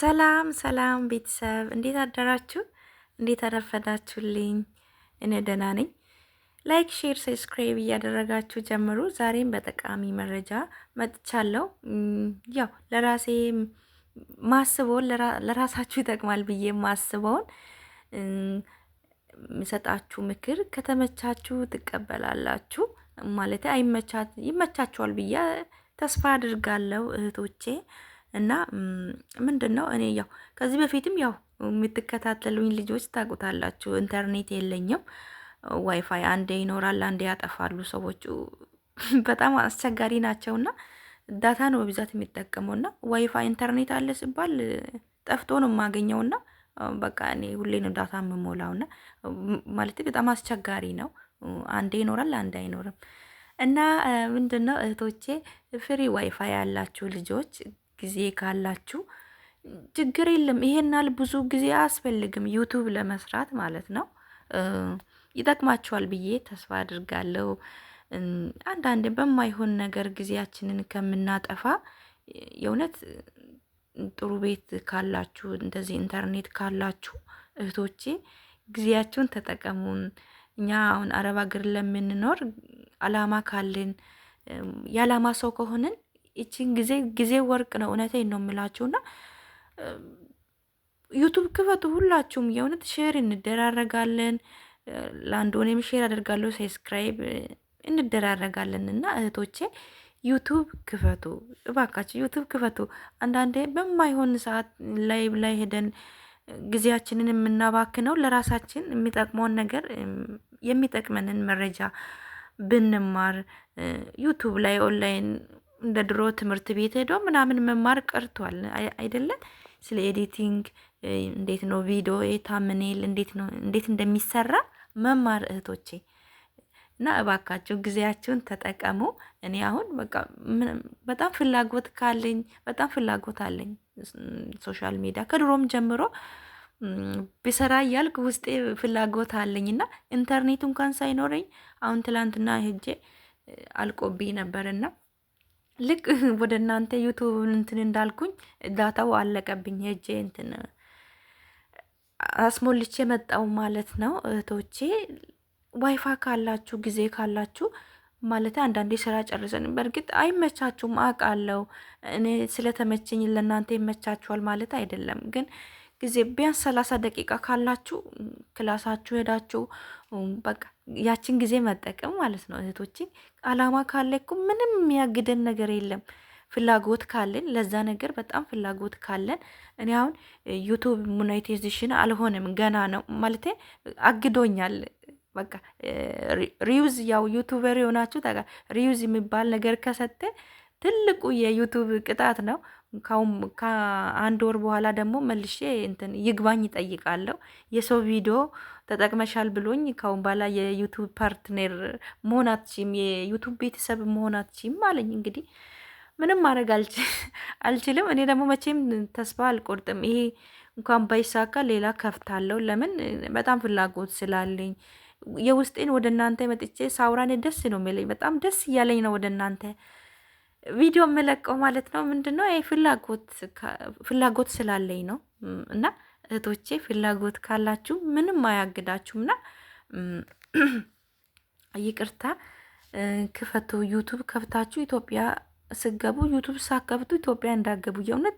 ሰላም ሰላም ቤተሰብ እንዴት አደራችሁ? እንዴት አረፈዳችሁልኝ? እኔ ደህና ነኝ። ላይክ ሼር፣ ሰብስክራይብ እያደረጋችሁ ጀምሩ። ዛሬም በጠቃሚ መረጃ መጥቻለሁ። ያው ለራሴ ማስበውን ለራሳችሁ ይጠቅማል ብዬ ማስበውን የምሰጣችሁ ምክር ከተመቻችሁ ትቀበላላችሁ። ማለት ይመቻችኋል ብዬ ተስፋ አድርጋለሁ እህቶቼ እና ምንድን ነው እኔ ያው ከዚህ በፊትም ያው የምትከታተሉኝ ልጆች ታውቁታላችሁ፣ ኢንተርኔት የለኝም። ዋይፋይ አንዴ ይኖራል፣ አንዴ ያጠፋሉ። ሰዎቹ በጣም አስቸጋሪ ናቸው ና ዳታ ነው በብዛት እና ዋይፋይ ኢንተርኔት አለ ሲባል ጠፍቶ ነው የማገኘውና በቃ እኔ ሁሌ ነው ዳታ የምሞላውና ማለት በጣም አስቸጋሪ ነው። አንዴ ይኖራል፣ አንዴ አይኖርም። እና ምንድን ነው እህቶቼ ፍሪ ዋይፋይ ያላችሁ ልጆች ጊዜ ካላችሁ ችግር የለም። ይሄናል ብዙ ጊዜ አያስፈልግም ዩቱብ ለመስራት ማለት ነው። ይጠቅማችኋል ብዬ ተስፋ አድርጋለሁ። አንዳንድ በማይሆን ነገር ጊዜያችንን ከምናጠፋ የእውነት ጥሩ ቤት ካላችሁ እንደዚህ ኢንተርኔት ካላችሁ እህቶቼ ጊዜያችሁን ተጠቀሙን። እኛ አሁን አረብ ሀገር ለምንኖር አላማ ካልን የአላማ ሰው ከሆንን ይችን ጊዜ ጊዜ ወርቅ ነው። እውነቴን ነው የምላችሁና ዩቱብ ክፈቱ ሁላችሁም። የእውነት ሼር እንደራረጋለን። ለአንድ ሆኔም ሼር አደርጋለሁ፣ ሰብስክራይብ እንደራረጋለን። እና እህቶቼ ዩቱብ ክፈቱ እባካችሁ፣ ዩቱብ ክፈቱ። አንዳንዴ በማይሆን ሰዓት ላይ ላይ ሄደን ጊዜያችንን የምናባክነው ለራሳችን የሚጠቅመውን ነገር የሚጠቅመንን መረጃ ብንማር ዩቱብ ላይ ኦንላይን እንደ ድሮ ትምህርት ቤት ሄዶ ምናምን መማር ቀርቷል አይደለም። ስለ ኤዲቲንግ እንዴት ነው ቪዲዮ የታምኔል እንዴት እንደሚሰራ መማር እህቶቼ እና እባካችሁ ጊዜያችሁን ተጠቀሙ። እኔ አሁን በቃ በጣም ፍላጎት ካለኝ በጣም ፍላጎት አለኝ ሶሻል ሚዲያ ከድሮም ጀምሮ ብሰራ እያልክ ውስጤ ፍላጎት አለኝ እና ኢንተርኔቱ እንኳን ሳይኖረኝ አሁን ትላንትና ህጄ አልቆብኝ ነበርና ልክ ወደ እናንተ ዩቱብን እንትን እንዳልኩኝ ዳታው አለቀብኝ። ሄጄ እንትን አስሞልቼ መጣው ማለት ነው። እህቶቼ ዋይፋ ካላችሁ ጊዜ ካላችሁ ማለት አንዳንዴ ስራ ጨርሰን በእርግጥ አይመቻችሁም አውቃለሁ። እኔ ስለተመቸኝ ለእናንተ ይመቻችኋል ማለት አይደለም፣ ግን ጊዜ ቢያንስ ሰላሳ ደቂቃ ካላችሁ ክላሳችሁ ሄዳችሁ በቃ ያችን ጊዜ መጠቀም ማለት ነው እህቶቼ። አላማ ካለ እኮ ምንም የሚያግደን ነገር የለም። ፍላጎት ካለን ለዛ ነገር በጣም ፍላጎት ካለን እኔ አሁን ዩቱብ ሞኔታይዜሽን አልሆንም ገና ነው ማለት አግዶኛል። በቃ ሪዩዝ ያው ዩቱበር የሆናችሁ ሪዩዝ የሚባል ነገር ከሰጠ ትልቁ የዩቱብ ቅጣት ነው። ከአንድ ወር በኋላ ደግሞ መልሼ እንትን ይግባኝ ይጠይቃለሁ። የሰው ቪዲዮ ተጠቅመሻል ብሎኝ ካሁን በኋላ የዩቱብ ፓርትነር መሆን አትችም፣ የዩቱብ ቤተሰብ መሆን አትችም አለኝ። እንግዲህ ምንም ማድረግ አልችልም። እኔ ደግሞ መቼም ተስፋ አልቆርጥም። ይሄ እንኳን ባይሳካ ሌላ ከፍታለሁ። ለምን በጣም ፍላጎት ስላለኝ የውስጤን ወደ እናንተ መጥቼ ሳውራኔ ደስ ነው የሚለኝ። በጣም ደስ እያለኝ ነው ወደ እናንተ ቪዲዮ የምለቀው ማለት ነው። ምንድን ነው ፍላጎት ስላለኝ ነው። እና እህቶቼ ፍላጎት ካላችሁ ምንም አያግዳችሁም። እና ይቅርታ ክፈቱ፣ ዩቱብ ከፍታችሁ ኢትዮጵያ ስገቡ ዩቱብ ሳከፍቱ ኢትዮጵያ እንዳገቡ። የእውነት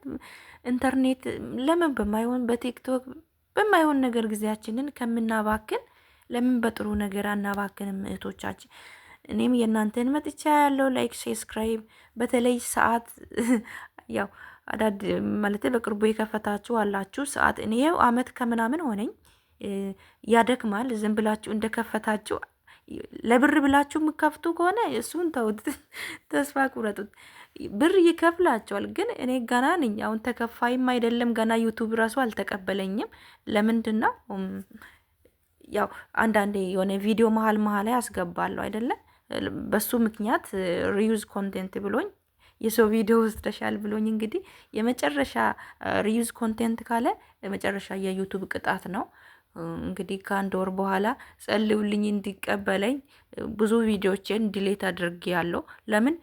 ኢንተርኔት ለምን በማይሆን በቲክቶክ በማይሆን ነገር ጊዜያችንን ከምናባክን ለምን በጥሩ ነገር አናባክንም እህቶቻችን? እኔም የእናንተን መጥቻ ያለው ላይክ፣ ሰብስክራይብ በተለይ ሰዓት ያው አዳድ ማለት በቅርቡ የከፈታችሁ አላችሁ ሰዓት እኔ ይኸው አመት ከምናምን ሆነኝ ያደክማል። ዝም ብላችሁ እንደከፈታችሁ ለብር ብላችሁ የምከፍቱ ከሆነ እሱን ተውት፣ ተስፋ ቁረጡት። ብር ይከፍላቸዋል፣ ግን እኔ ገና ነኝ። አሁን ተከፋይም አይደለም ገና ዩቱብ ራሱ አልተቀበለኝም። ለምንድን ነው ያው አንዳንዴ የሆነ ቪዲዮ መሀል መሀል ላይ አስገባለሁ አይደለም በሱ ምክንያት ሪዩዝ ኮንቴንት ብሎኝ የሰው ቪዲዮ ወስደሻል ብሎኝ እንግዲህ የመጨረሻ ሪዩዝ ኮንቴንት ካለ የመጨረሻ የዩቱብ ቅጣት ነው። እንግዲህ ከአንድ ወር በኋላ ጸልዩልኝ እንዲቀበለኝ ብዙ ቪዲዮቼን ዲሌት አድርጌ ያለው ለምን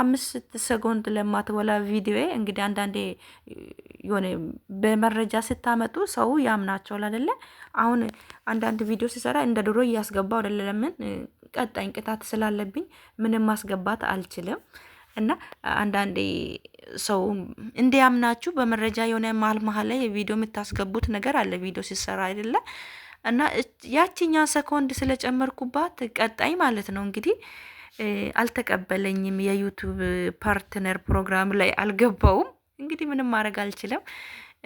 አምስት ሰኮንድ ለማትወላ ቪዲዮ እንግዲህ አንዳንዴ የሆነ በመረጃ ስታመጡ ሰው ያምናቸዋል አይደለ? አሁን አንዳንድ ቪዲዮ ሲሰራ እንደ ድሮ እያስገባ አይደለ? ለምን ቀጣኝ ቅጣት ስላለብኝ ምንም ማስገባት አልችልም። እና አንዳንዴ ሰው እንዲያምናችሁ በመረጃ የሆነ መሀል መሀል ላይ ቪዲዮ የምታስገቡት ነገር አለ ቪዲዮ ሲሰራ አይደለ? እና ያችኛ ሰኮንድ ስለጨመርኩባት ቀጣኝ ማለት ነው እንግዲህ አልተቀበለኝም። የዩቱብ ፓርትነር ፕሮግራም ላይ አልገባውም። እንግዲህ ምንም ማድረግ አልችለም።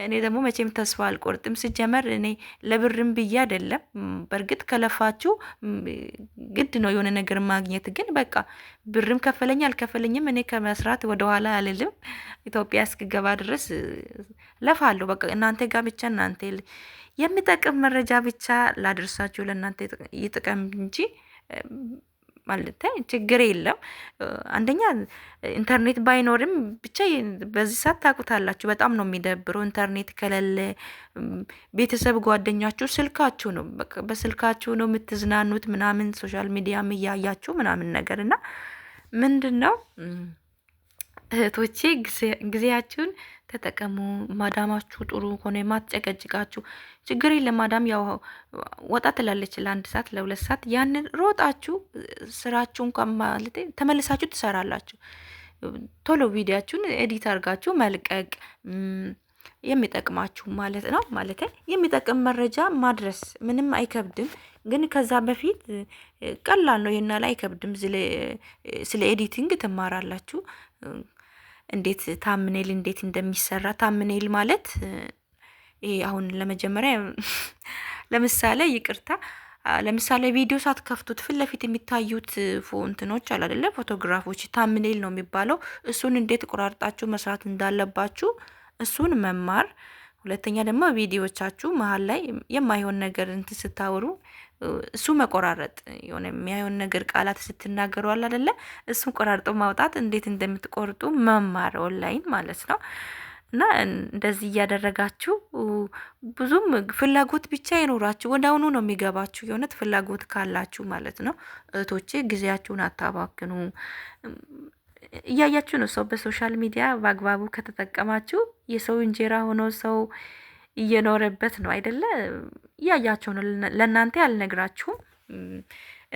እኔ ደግሞ መቼም ተስፋ አልቆርጥም። ስጀመር እኔ ለብርም ብዬ አይደለም። በእርግጥ ከለፋችሁ ግድ ነው የሆነ ነገር ማግኘት። ግን በቃ ብርም ከፈለኝ አልከፈለኝም እኔ ከመስራት ወደኋላ አልልም። ኢትዮጵያ እስክገባ ድረስ ለፋለሁ። በቃ እናንተ ጋር ብቻ እናንተ የሚጠቅም መረጃ ብቻ ላደርሳችሁ ለእናንተ ይጥቀም እንጂ ማለት ችግር የለም። አንደኛ ኢንተርኔት ባይኖርም ብቻ በዚህ ሰዓት ታውቁታላችሁ፣ በጣም ነው የሚደብረው። ኢንተርኔት ከሌለ ቤተሰብ ጓደኛችሁ ስልካችሁ ነው፣ በስልካችሁ ነው የምትዝናኑት ምናምን፣ ሶሻል ሚዲያም እያያችሁ ምናምን ነገር እና ምንድን ነው እህቶቼ ጊዜያችሁን ተጠቀሙ። ማዳማችሁ ጥሩ ሆነ ማትጨቀጭቃችሁ ችግር የለም። ማዳም ያው ወጣ ትላለች ለአንድ ሰዓት ለሁለት ሰዓት ያንን ሮጣችሁ ስራችሁ እንኳን ማለት ተመልሳችሁ ትሰራላችሁ። ቶሎ ቪዲያችሁን ኤዲት አድርጋችሁ መልቀቅ የሚጠቅማችሁ ማለት ነው። ማለት የሚጠቅም መረጃ ማድረስ ምንም አይከብድም፣ ግን ከዛ በፊት ቀላል ነው። ይህና ላይ አይከብድም። ስለ ኤዲቲንግ ትማራላችሁ። እንዴት ታምኔል እንዴት እንደሚሰራ ታምኔል ማለት ይሄ አሁን ለመጀመሪያ ለምሳሌ ይቅርታ ለምሳሌ ቪዲዮ ሳትከፍቱት ፊት ለፊት የሚታዩት ፎንትኖች አለ አይደለ? ፎቶግራፎች ታምኔል ነው የሚባለው። እሱን እንዴት ቆራርጣችሁ መስራት እንዳለባችሁ እሱን መማር ሁለተኛ ደግሞ ቪዲዮቻችሁ መሀል ላይ የማይሆን ነገር እንት ስታወሩ እሱ መቆራረጥ የሆነ የሚያየውን ነገር ቃላት ስትናገሩ አለ አደለ፣ እሱ ቆራርጦ ማውጣት እንዴት እንደምትቆርጡ መማር ኦንላይን ማለት ነው። እና እንደዚህ እያደረጋችሁ ብዙም ፍላጎት ብቻ ይኖራችሁ ወደ አሁኑ ነው የሚገባችሁ። የእውነት ፍላጎት ካላችሁ ማለት ነው እህቶቼ፣ ጊዜያችሁን አታባክኑ። እያያችሁ ነው። ሰው በሶሻል ሚዲያ በአግባቡ ከተጠቀማችሁ የሰው እንጀራ ሆኖ ሰው እየኖረበት ነው አይደለ? እያያቸው ነው። ለእናንተ ያልነግራችሁም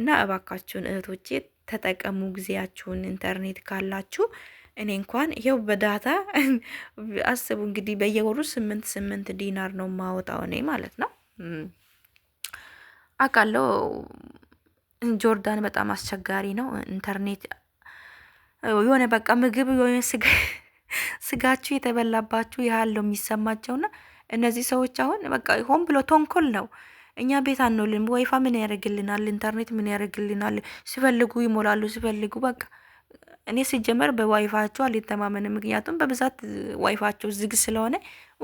እና እባካችሁን እህቶቼ ተጠቀሙ ጊዜያችሁን። ኢንተርኔት ካላችሁ እኔ እንኳን ይኸው በዳታ አስቡ እንግዲህ በየወሩ ስምንት ስምንት ዲናር ነው ማወጣው እኔ ማለት ነው አውቃለሁ። ጆርዳን በጣም አስቸጋሪ ነው ኢንተርኔት የሆነ በቃ ምግብ የሆነ ስጋችሁ የተበላባችሁ ያህል ነው የሚሰማቸውና እነዚህ ሰዎች አሁን በቃ ሆን ብሎ ተንኮል ነው። እኛ ቤት አንውልም፣ ወይፋ ምን ያደርግልናል፣ ኢንተርኔት ምን ያደርግልናል፣ ሲፈልጉ ይሞላሉ፣ ሲፈልጉ በቃ እኔ ሲጀመር በዋይፋቸው አልተማመን። ምክንያቱም በብዛት ዋይፋቸው ዝግ ስለሆነ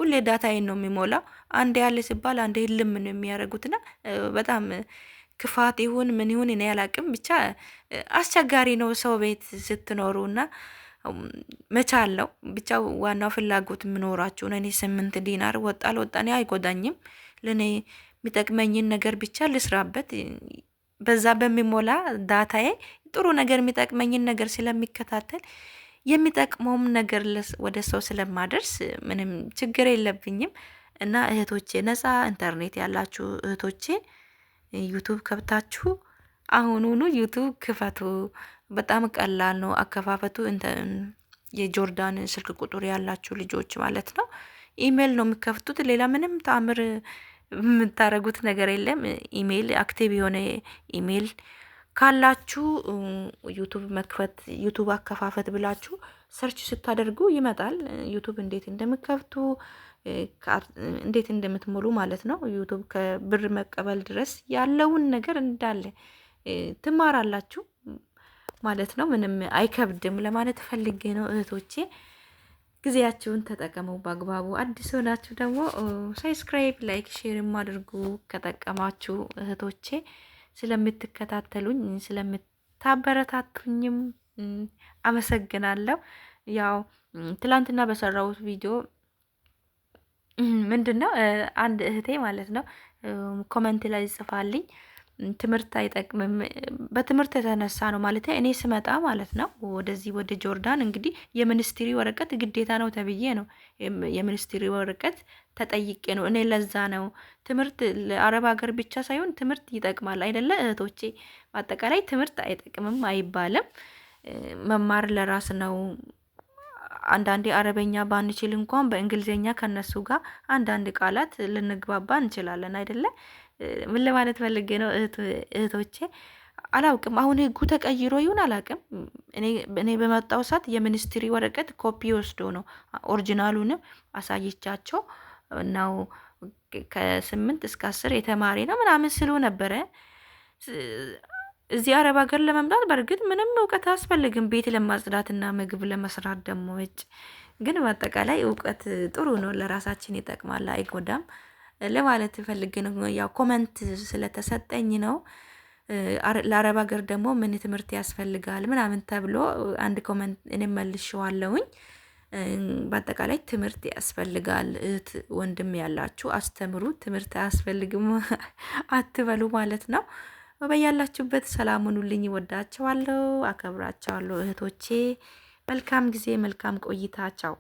ሁሌ ዳታዬን ነው የሚሞላው። አንድ ያለ ሲባል አንድ ልም ነው የሚያደርጉትና በጣም ክፋት ይሁን ምን ይሁን እኔ ያላቅም፣ ብቻ አስቸጋሪ ነው ሰው ቤት ስትኖሩ እና መቻል ነው ብቻ። ዋናው ፍላጎት የምኖራችሁ እኔ ስምንት ዲናር ወጣ ለወጣ እኔ አይጎዳኝም። ለእኔ የሚጠቅመኝን ነገር ብቻ ልስራበት። በዛ በሚሞላ ዳታዬ ጥሩ ነገር የሚጠቅመኝን ነገር ስለሚከታተል የሚጠቅመውም ነገር ወደ ሰው ስለማደርስ ምንም ችግር የለብኝም እና እህቶቼ፣ ነጻ ኢንተርኔት ያላችሁ እህቶቼ ዩቱብ ከብታችሁ አሁኑኑ ዩቱብ ክፈቱ። በጣም ቀላል ነው አከፋፈቱ። የጆርዳን ስልክ ቁጥር ያላችሁ ልጆች ማለት ነው። ኢሜይል ነው የሚከፍቱት። ሌላ ምንም ተአምር የምታደርጉት ነገር የለም። ኢሜይል አክቲቭ የሆነ ኢሜይል ካላችሁ ዩቱብ መክፈት ዩቱብ አከፋፈት ብላችሁ ሰርች ስታደርጉ ይመጣል። ዩቱብ እንዴት እንደምከፍቱ እንዴት እንደምትሞሉ ማለት ነው። ዩቱብ ከብር መቀበል ድረስ ያለውን ነገር እንዳለ ትማራላችሁ ማለት ነው። ምንም አይከብድም ለማለት ፈልጌ ነው እህቶቼ። ጊዜያችሁን ተጠቀመው በአግባቡ። አዲስ ሆናችሁ ደግሞ ሳብስክራይብ፣ ላይክ፣ ሼርም አድርጉ ከጠቀማችሁ እህቶቼ። ስለምትከታተሉኝ ስለምታበረታቱኝም አመሰግናለሁ። ያው ትላንትና በሰራሁት ቪዲዮ ምንድን ነው አንድ እህቴ ማለት ነው ኮመንት ላይ ይጽፋልኝ ትምህርት አይጠቅምም። በትምህርት የተነሳ ነው ማለት እኔ ስመጣ ማለት ነው ወደዚህ ወደ ጆርዳን እንግዲህ የሚኒስትሪ ወረቀት ግዴታ ነው ተብዬ ነው የሚኒስትሪ ወረቀት ተጠይቄ ነው። እኔ ለዛ ነው ትምህርት ለአረብ ሀገር ብቻ ሳይሆን ትምህርት ይጠቅማል አይደለ እህቶቼ? በአጠቃላይ ትምህርት አይጠቅምም አይባልም። መማር ለራስ ነው አንዳንዴ አረበኛ ባንችል እንኳን በእንግሊዝኛ ከነሱ ጋር አንዳንድ ቃላት ልንግባባ እንችላለን አይደለ? ምን ለማለት ፈልጌ ነው እህቶቼ አላውቅም አሁን ህጉ ተቀይሮ ይሁን አላውቅም። እኔ በመጣው ሰዓት የሚኒስትሪ ወረቀት ኮፒ ወስዶ ነው ኦሪጂናሉንም አሳይቻቸው ነው ከስምንት እስከ አስር የተማሪ ነው ምናምን ስሉ ነበረ። እዚህ አረብ ሀገር ለመምጣት በእርግጥ ምንም እውቀት አያስፈልግም። ቤት ለማጽዳትና ምግብ ለመስራት ደሞ ውጭ ግን በአጠቃላይ እውቀት ጥሩ ነው፣ ለራሳችን ይጠቅማል፣ አይጎዳም ለማለት ፈልግ ነው። ያው ኮመንት ስለተሰጠኝ ነው። ለአረብ ሀገር ደግሞ ምን ትምህርት ያስፈልጋል ምናምን ተብሎ አንድ ኮመንት እንመልሸዋለሁኝ። በአጠቃላይ ትምህርት ያስፈልጋል። እህት ወንድም ያላችሁ አስተምሩ፣ ትምህርት አያስፈልግም አትበሉ ማለት ነው። በያላችሁበት ሰላም ሁኑልኝ። ወዳቸዋለሁ፣ አከብራቸዋለሁ እህቶቼ። መልካም ጊዜ፣ መልካም ቆይታ። ቻው